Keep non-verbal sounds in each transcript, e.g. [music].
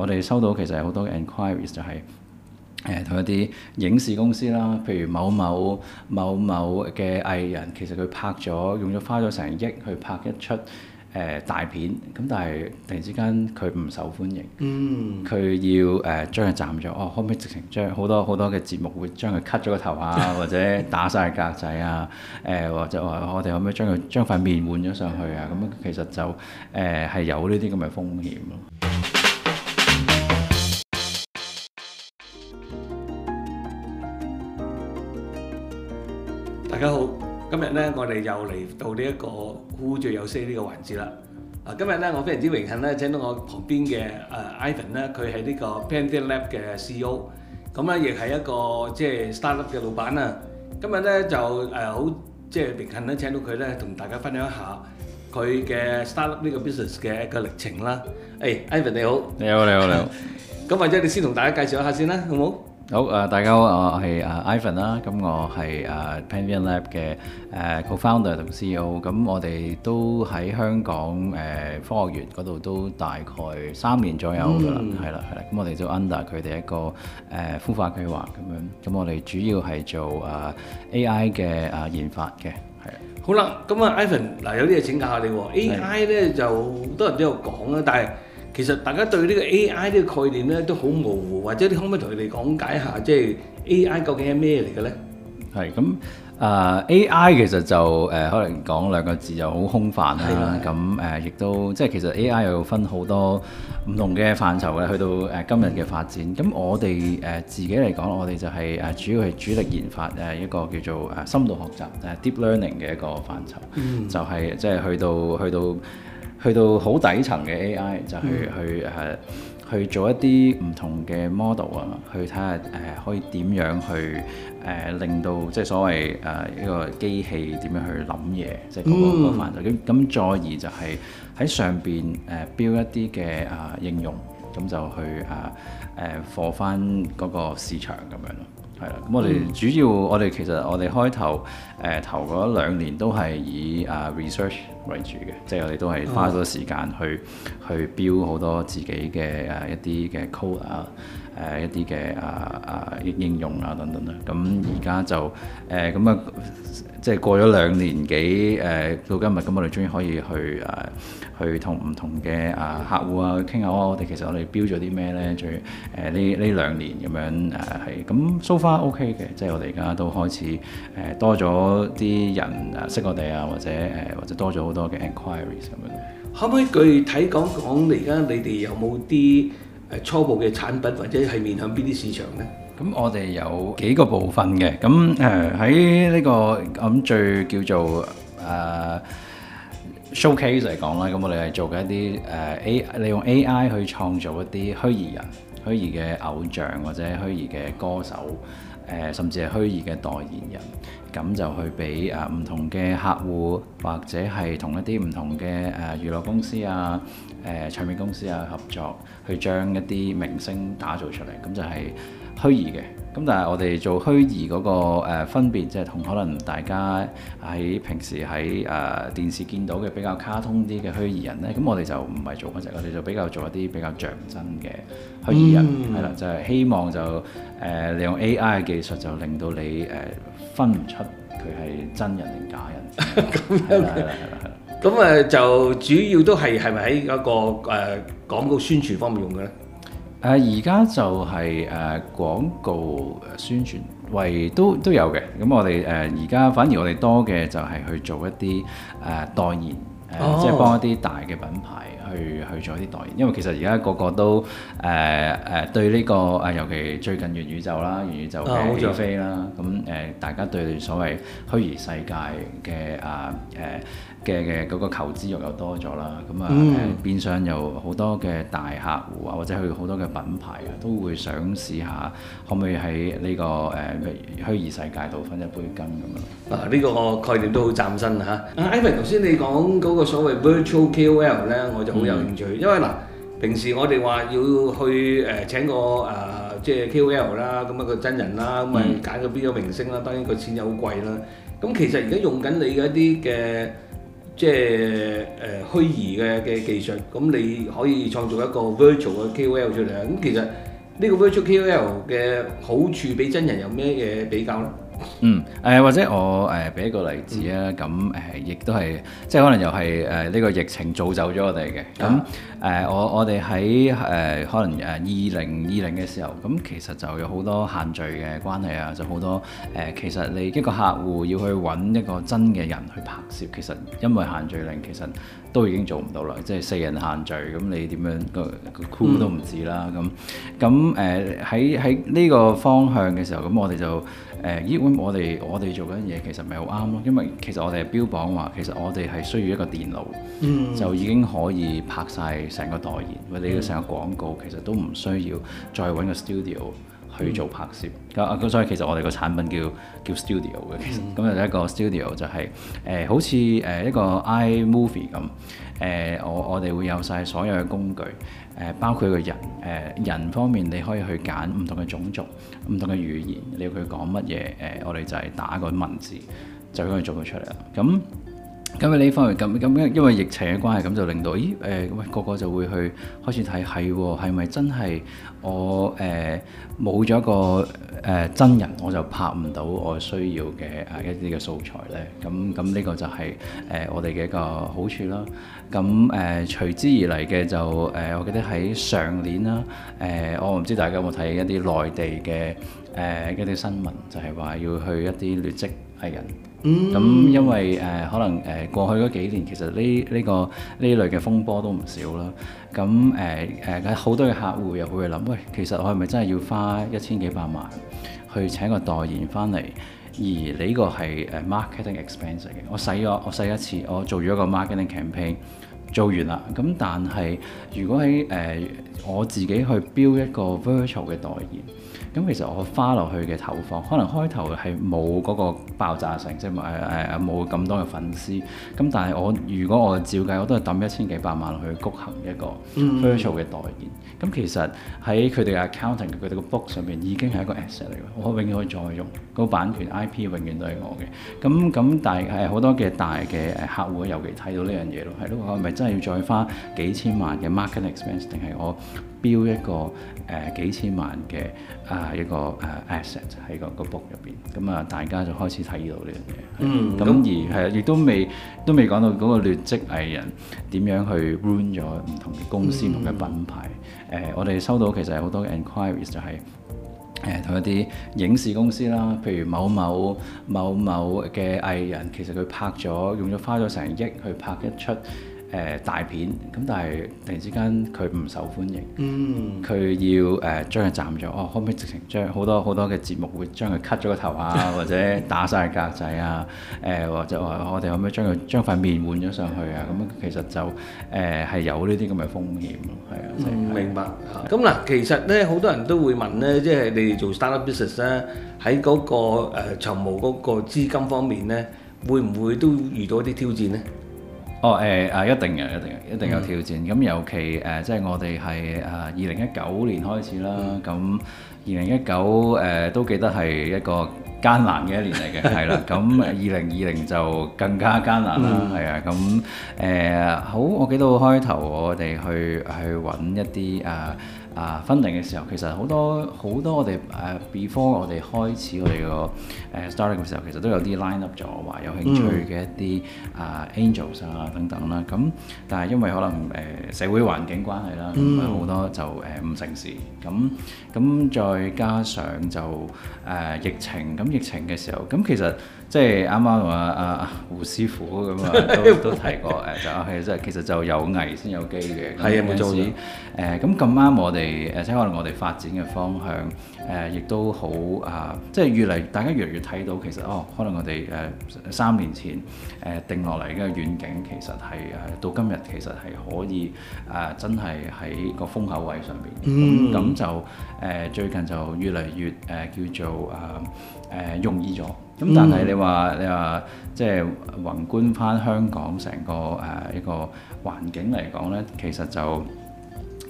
我哋收到其實有好多嘅 enquiries，就係誒同一啲影視公司啦，譬如某某某某嘅藝人，其實佢拍咗用咗花咗成億去拍一出誒、呃、大片，咁但係突然之間佢唔受歡迎，嗯，佢要誒將佢斬咗，哦可唔可以直情將好多好多嘅節目會將佢 cut 咗個頭啊， [laughs] 或者打晒格仔啊，誒、呃、或者我我哋可唔可以將佢將塊面換咗上去啊？咁、嗯、樣其實就誒係、呃、有呢啲咁嘅風險咯。大家好，今日咧我哋又嚟到呢一個 Hu 最有 Say 呢個環節啦。啊，今日咧我非常之榮幸咧請到我旁邊嘅誒 Ivan 咧，佢係呢個 Pantheonlab 嘅 CEO，咁咧亦係一個即係 startup 嘅老闆啦。今日咧就誒好即係榮幸咧請到佢咧同大家分享一下佢嘅 startup 呢個 business 嘅一個歷程啦。誒，Ivan 你好，你好你好。咁或者你先同大家介紹一下先啦，好冇？好誒，uh, 大家好，我係誒 Ivan 啦、啊，咁我係誒 Pantheon Lab 嘅誒、uh, Co-founder 同 CEO，咁、啊、我哋都喺香港誒、uh, 科學園嗰度都大概三年左右噶啦，係啦係啦，咁、hmm. 啊、我哋做 under 佢哋一個誒孵、uh, 化計劃咁樣，咁、啊啊、我哋主要係做誒、uh, AI 嘅誒、uh, 研發嘅，係好啦，咁啊 Ivan，嗱有啲嘢請教下你，AI 咧對就好多人都有講啦，但係。其實大家對呢個 AI 呢個概念咧都好模糊，或者你可唔可以同佢哋講解下，即係 AI 究竟係咩嚟嘅咧？係咁啊，AI 其實就誒可能講兩個字就好空泛啦。咁誒亦都即係其實 AI 又分好多唔同嘅範疇嘅，去到誒今日嘅發展。咁，嗯，我哋誒自己嚟講，我哋就係誒主要係主力研發誒一個叫做誒深度學習誒 deep learning 嘅一個範疇，嗯。就係即係去到去到，去到去到好底層嘅 AI 就去、嗯、去誒、啊、去做一啲唔同嘅 model 啊，去睇下誒可以點樣去誒、啊、令到即係所謂誒、啊、一個機器點樣去諗嘢，即係、那、嗰個範疇。咁咁、嗯、再而就係喺上邊誒標一啲嘅誒應用，咁就去誒誒放翻嗰個市場咁樣咯。係啦，咁我哋主要持人，我哋其實我哋開頭，誒頭嗰兩年都係以啊 research 為主嘅，即係我哋都係花咗時間去去標好多自己嘅誒一啲嘅 code。 [music] [music] [music] 誒一啲嘅啊啊應、啊、應用啊等等啦，咁而家就誒咁、呃、啊，即係過咗兩年幾誒、呃、到今日，咁、嗯、我哋終於可以去誒、啊、去同唔同嘅啊客戶啊去傾下、啊，我哋其實我哋標咗啲咩咧？最誒呢呢兩年咁樣誒係咁，so far OK 嘅，即係我哋而家都開始誒、欸、多咗啲人誒識我哋啊，或者誒、啊、或者多咗好多嘅 inquiries 咁樣。可唔可以具體講講你而家你哋有冇啲？初步嘅產品或者係面向邊啲市場呢？咁我哋有幾個部分嘅，咁誒喺呢個咁最叫做 showcase 嚟講啦，咁、呃、我哋係做緊一啲誒 A 利用 AI 去創造一啲虛擬人、虛擬嘅偶像或者虛擬嘅歌手。甚至係虛擬嘅代言人，咁就去俾誒唔同嘅客戶，或者係同一啲唔同嘅誒娛樂公司啊、誒唱片公司啊合作，去將一啲明星打造出嚟，咁就係、是。虛擬嘅，咁但係我哋做虛擬嗰個分別，即係同可能大家喺平時喺誒電視見到嘅比較卡通啲嘅虛擬人咧，咁我哋就唔係做嗰隻，我哋就比較做一啲比較象真嘅虛擬人，係啦，就係希望就誒利用 AI 技術就令到你誒分唔出佢係真人定假人咁樣，係啦，係啦，係啦，咁誒就主要都係係咪喺嗰個誒廣告宣傳方面用嘅咧？誒而家就係、是、誒、呃、廣告宣傳，位都都有嘅。咁、嗯、我哋誒而家反而我哋多嘅就係去做一啲誒代言，誒、呃呃、即係幫一啲大嘅品牌去去做一啲代言。因為其實而家個個都誒誒、呃呃、對呢、這個誒、呃，尤其最近元宇宙啦、元宇宙嘅起飛啦，咁、呃、誒大家對所謂虛擬世界嘅啊誒。呃呃嘅嘅嗰個求知欲又又多咗啦，咁啊變相又好多嘅大客戶啊，或者佢好多嘅品牌啊，都會想試下可唔可以喺呢、這個誒虛擬世界度分一杯羹咁啊？呢、這個概念都好嶄新嚇。阿 Ivan 頭先你講嗰個所謂 Virtual KOL 咧，我就好有興趣，嗯、因為嗱，平時我哋話要去誒、呃、請個誒即係 KOL 啦，咁啊個真人啦，咁啊揀個邊個明星啦，當然個錢又好貴啦。咁其實而家用緊你嘅一啲嘅。即係誒虛擬嘅嘅技術，咁你可以創造一個 virtual 嘅 KOL 出嚟啊！咁其實呢個 virtual KOL 嘅好處畀真人有咩嘢比較咧？嗯，誒、呃、或者我誒俾、呃、一個例子、嗯、啊，咁誒亦都係即係可能又係誒呢個疫情造就咗我哋嘅，咁誒、嗯嗯呃、我我哋喺誒可能誒二零二零嘅時候，咁、嗯、其實就有好多限聚嘅關係啊，就好多誒、呃、其實你一個客戶要去揾一個真嘅人去拍攝，其實因為限聚令，其實都已經做唔到啦，即係四人限聚。咁你點樣個個都唔止啦，咁咁誒喺喺呢個方向嘅時候，咁我哋就。誒 Ivan、呃、我哋我哋做緊嘢其實咪好啱咯，因為其實我哋係標榜話，其實我哋係需要一個電腦，嗯、就已經可以拍晒成個代言，或你嘅成個廣告，其實都唔需要再揾個 studio 去做拍攝，咁啊咁，所以其實我哋個產品叫叫 Studio 嘅，其實咁就係呃、一個 Studio 就係誒，好似誒一個 iMovie 咁，誒、呃、我我哋會有晒所有嘅工具，誒、呃、包括個人，誒、呃、人方面你可以去揀唔同嘅種族、唔同嘅語言，你要佢講乜嘢，誒、呃、我哋就係打個文字，就咁佢做到出嚟啦，咁。咁喺呢方面，咁咁因因為疫情嘅關係，咁就令到咦誒喂個個就會去開始睇係喎，係咪 [noise] 真係我誒冇咗個誒、呃、真人，我就拍唔到我需要嘅啊一啲嘅素材咧？咁咁呢個就係、是、誒、呃、我哋嘅一個好處啦。咁誒隨之而嚟嘅就誒、呃，我記得喺上年啦，誒、呃、我唔知大家有冇睇一啲內地嘅誒一啲新聞，就係、是、話要去一啲劣跡藝人。咁、嗯、因為誒、呃、可能誒、呃、過去嗰幾年其實呢呢、呢個呢類嘅風波都唔少啦。咁誒誒好多嘅客戶又會諗，喂、呃，其實我係咪真係要花一千幾百萬去請個代言翻嚟？而呢個係誒 marketing expense 嘅，我洗咗我洗一次，我做咗一個 marketing campaign。做完啦，咁但係如果喺誒、呃、我自己去標一個 virtual 嘅代言，咁其實我花落去嘅投放，可能開頭係冇嗰個爆炸性，即係誒誒冇咁多嘅粉絲，咁但係我如果我照計，我都係抌一千幾百萬落去谷行一個 virtual 嘅代言，咁、mm hmm. 其實喺佢哋 accounting 佢哋嘅 book 上面已經係一個 asset 嚟嘅。我永遠可以再用，個版權 IP 永遠都係我嘅，咁咁但係好多嘅大嘅客戶，尤其睇到呢樣嘢咯，係咯，係咪？真係要再花幾千萬嘅 marketing expense，定係我標一個誒、呃、幾千萬嘅啊、呃、一個誒、呃、asset 喺、這個個 book 入邊，咁、嗯、啊大家就開始睇到呢樣嘢、嗯嗯。嗯，咁而係啊，亦都未都未講到嗰個劣跡藝人點樣去 ruin 咗唔同嘅公司同嘅品牌。誒，我哋收到其實好多 enquiries 就係誒同一啲影視公司啦，譬如某某某某嘅藝人，其實佢拍咗用咗花咗成億去拍一出。誒大片咁，但係突然之間佢唔受歡迎，佢要誒將佢斬咗，哦，可唔可以直情將好多好多嘅節目會將佢 cut 咗個頭啊，或者打晒格仔啊，誒或者話我哋可唔可以將佢將塊面換咗上去啊？咁其實就誒係有呢啲咁嘅風險，係啊，明白。咁嗱，其實咧好多人都會問咧，即係你哋做 start-up business 咧，喺嗰個誒籌募嗰個資金方面咧，會唔會都遇到啲挑戰咧？哦誒啊、呃！一定嘅，一定嘅，一定有挑戰。咁、嗯、尤其誒、呃，即係我哋係誒二零一九年開始啦。咁二零一九誒都記得係一個艱難嘅一年嚟嘅，係啦。 [laughs] 咁二零二零就更加艱難啦。係啊、嗯。咁誒、呃、好，我記得開頭我哋去去揾一啲誒。呃啊 funding 嘅時候，其實好多好多我哋誒、uh, before 我哋開始我哋個誒 starting 嘅時候，其實都有啲 line up 咗話有興趣嘅一啲啊、uh, angels 啊等等啦。咁但係因為可能誒、uh, 社會環境關係啦，咁好、mm hmm. 多就誒唔、uh, 成事。咁咁再加上就誒、uh, 疫情，咁疫情嘅時候，咁其實。即係啱啱同阿胡師傅咁啊，都都提過誒、啊，就係即係其實就有危先有機嘅。係啊，冇錯。誒咁咁啱，我哋誒即可能我哋發展嘅方向誒、啊，亦都好啊！即係越嚟大家越嚟越睇到，其實哦、啊，可能我哋誒、啊、三年前誒、啊、定落嚟嘅遠景，其實係誒、啊、到今日，其實係可以誒、啊、真係喺個風口位上邊。嗯。咁就誒、啊、最近就越嚟越誒、啊、叫做誒誒容易咗。啊啊啊咁、嗯、但係你話，你話即係宏觀返香港成個誒、呃、一個環境嚟講咧，其實就誒、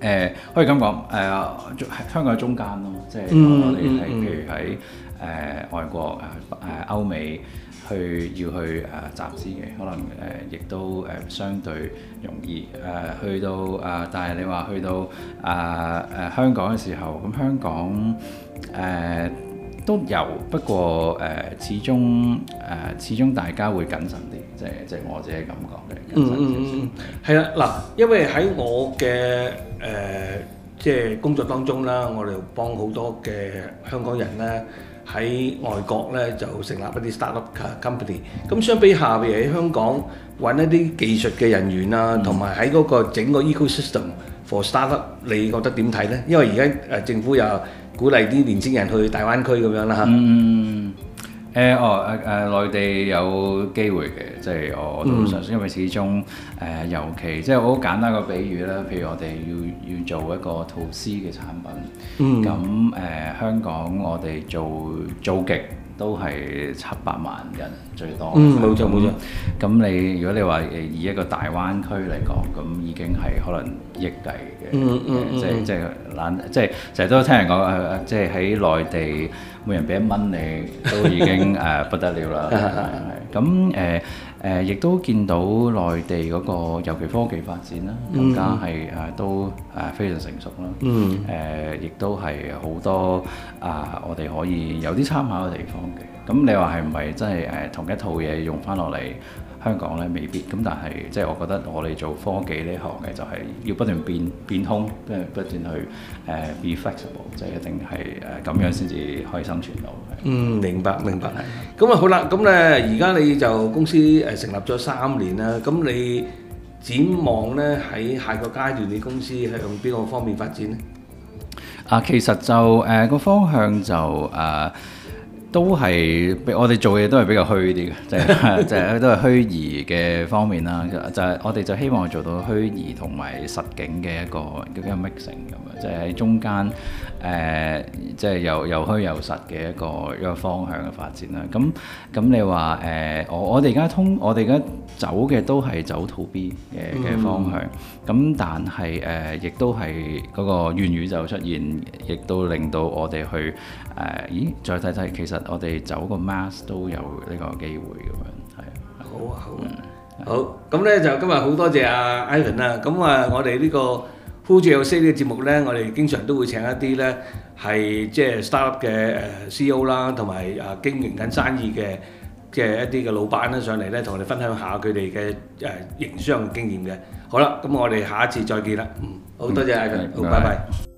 呃、可以咁講，誒香港喺中間咯，即、就、係、是、我哋係譬如喺誒、呃、外國誒誒、呃、歐美去要去誒集資嘅，可能誒亦、呃、都誒、呃、相對容易誒、呃、去到誒、呃，但係你話去到啊誒、呃呃、香港嘅時候，咁香港誒。呃都有，不過誒、呃，始終誒、呃，始終大家會謹慎啲，即係即係我自己噉講嘅，謹慎啲。嗯嗯嗯嗯，係啦，嗱，因為喺我嘅誒、呃，即係工作當中啦，我哋幫好多嘅香港人咧喺外國咧就成立一啲 startup company。咁相比下邊喺香港揾一啲技術嘅人員啊，同埋喺嗰個整個 ecosystem。和 s t a r t u，你覺得點睇呢？因為而家誒，政府又鼓勵啲年輕人去大灣區咁樣啦嚇。嗯、誒哦誒誒，內地有機會嘅，即係我我都想，呃嗯、因為始終誒、呃、尤其即係好簡單個比喻啦。譬如我哋要要做一個陶瓷嘅產品，咁誒、嗯呃、香港我哋做造極。都係七百萬人最多。冇錯冇錯。咁那錯你如果你話誒以一個大灣區嚟講，咁已經係可能億計嘅、嗯。嗯嗯。即係即係攬，即係成日都聽人講誒，即係喺內地每人俾一蚊，你都已經誒、 [laughs] uh, 不得了啦。係係咁誒。 [laughs] 誒，亦、呃、都見到內地嗰、那個，尤其科技發展啦，更加係誒都誒非常成熟啦。誒、mm，亦、hmm. 呃、都係好多啊、呃，我哋可以有啲參考嘅地方嘅。咁你話係唔係真係誒、呃、同一套嘢用翻落嚟？香港咧，未必，咁但係即係我覺得我哋做科技呢行嘅就係要不斷變變通，即係不斷去誒、uh, be flexible，即係一定係誒咁樣先至可以生存到嘅。嗯，明白明白。咁啊好啦，咁咧而家你就公司誒、呃、成立咗三年啦，咁你展望咧喺下個階段，你公司向邊個方面發展咧？啊，其實就誒個、呃、方向就誒。呃都係，我哋做嘢都係比較虛啲嘅，即係都係虛擬嘅方面啦。就係我哋就希望做到虛擬同埋實景嘅一個叫咩 mixing 咁樣，就喺中間。誒、呃，即係又又虛又實嘅一個一個方向嘅發展啦。咁咁你話誒、呃，我我哋而家通，我哋而家走嘅都係走 To B 嘅嘅方向。咁、嗯、但係誒、呃，亦都係嗰個元宇宙出現，亦都令到我哋去誒、呃，咦？再睇睇，其實我哋走個 Mass 都有呢個機會咁樣，係。好啊，好。好。咁咧就今日好多謝阿 Ivan 啊。咁啊，嗯、我哋呢、這個。Hu 最有 Say 呢個節目呢，我哋經常都會請一啲呢係即係 startup 嘅 CEO 啦，同埋啊經營緊生意嘅即係一啲嘅老闆咧上嚟呢，同我哋分享下佢哋嘅誒營商嘅經驗嘅。好啦，咁我哋下一次再見啦。嗯，好多謝阿強，啊啊、好拜拜。拜拜。